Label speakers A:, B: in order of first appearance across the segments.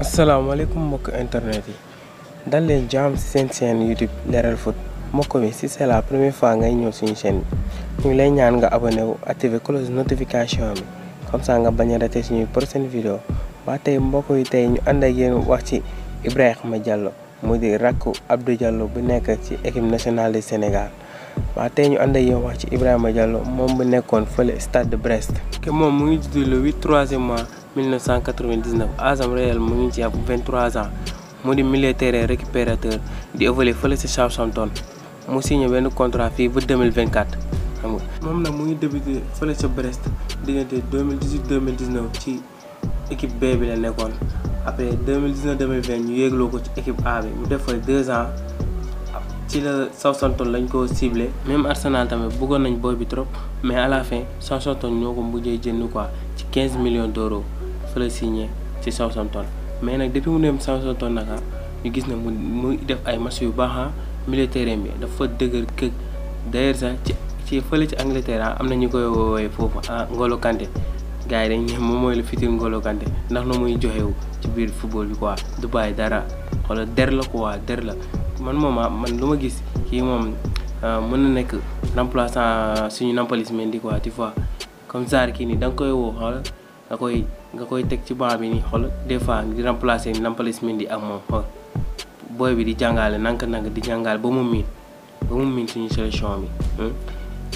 A: asalaamaaleykum mbokk internet yi dal leen jaam si seen chaîne YouTube Leral Foot mbokk mi si c'est la première fois ngay ñëw suñu chaîne bi ñu ngi lay ñaan nga abonné wu activé cloche notification bi comme ça nga bañ a raté suñuy prochaine vidéo waa tey mbokk yi tey ñu ànd ak wax ci Ibrahima Diallo mu di rakku Abdou Diallo bu nekk ci équipe nationale du Sénégal waa tey ñu ànd ak yéen wax ci Ibrahima Diallo moom bu nekkoon fële stade de Brest. que moom mu ngi judd le 8 3e mois. 1999 Azam réel a 23 ans mu di militaire récupérateur di évoluer fële si Southampton mu signé ben contrat fi 2024 xam nga. moom nag mu ngi débuté Brest en 2018 2019 ci équipe B bi la après 2019 2020 ñu yéegloo ko ci équipe A bi mu def 2 ans. ci la Southampton lañ ko ciblé même Arsenal tamit bëggoon nañ booy bi trop mais à la fin Southampton ñoo ko mujjee jënd quoi ci 15 millions d'euros fa la signé ci mais nag depuis mu dem Southampton naka gis ne mu mu def ay match yu baax ah milieu terrain bi dafa dëgër këg d'ailleurs sax ci ci fële ci Angleterre ah, am na ñu koy woowee foofu ah Ngolo Kanté gars yi dañ moom mooy le futur Ngolo Kanté ndax na muy joxewu ci biir football bi quoi du bàyyi dara. wala der la quoi der la man moom man lu ma gis kii moom euh, mën na nekk remplaçant suñu Nampalys Mendy quoi tu vois comme Sarr kii nii da nga koy woo xool nga koy nga koy teg ci banc bi nii xool des fois di remplacer Nampalys Mendy ak moom xool booy bi di jàngale nank-nank di jàngale ba mu miin ba mu miin suñu sélection bi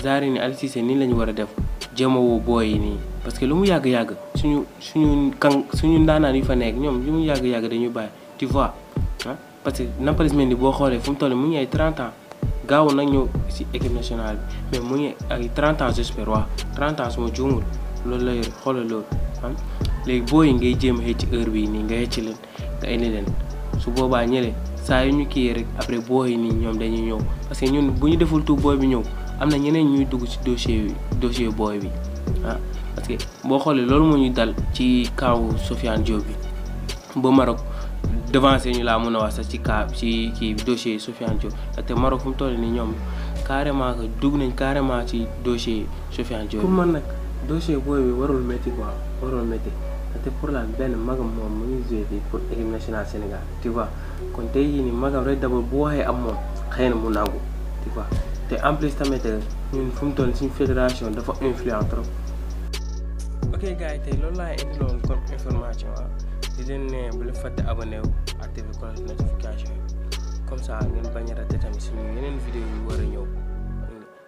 A: Sarr hmm. ni Aliou Cissé nii la ñu war a def jéem a woo booy yi nii parce que lu mu yàgg-yàgg suñu suñu kan suñu ndaanaan yu fa nekk ñoom lu mu yàgg-yàgg dañu bàyyi tu vois ah parce que Nampalys Mendy boo xoolee fu mu toll mu ngi ay 30 ans gaaw na ñëw si équipe nationale bi mais mu ngi ay 30 ans j'espère waaw 30 ans su ma juumul loolu la yor xoolal loolu ah léegi yi ngay jéem a xëcc heure bii nii nga xëcc leen nga indi leen su boobaa ñële saa yu ñu kii rek après boo yi nii ñoom dañuy ñëw parce que ñun bu ñu deful tout booy bi ñëw am na ñeneen ñuy dugg ci dossier bi dossier booy bi ah parce que boo xoolee loolu moo ñu dal ci kaw sofian Diop bi ba Maroc. devancé ñu laa mën a wax sax ci cas ci kii dossier Sofiane Diop te Maroc fu mu ñoom carrément que dugg nañ carrément ci dossier Sofiane Diop. pour man nag dossier booy warul métti quoi warul métti te pour la benn magam moom mu ngi joué pour équipe nationale Sénégal tu vois kon tey jii nii magam rek bu waxee am moom xëy na mu nangu tu vois te en plus tamit ñun fu mu toll suñu fédération dafa influent trop. ok information ah. di leen ne bu leen fàtte abonné wu activé comme ça ngeen bañ a raté tamit suñu yeneen vidéo ñu war a ñëw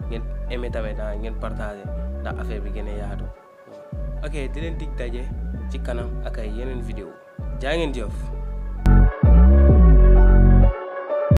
A: ngeen aimé tamit ah ngeen partagé ndax bi gën a yaatu ok di leen dig daje ci kanam ak ay yeneen vidéo jaa ngeen jëf.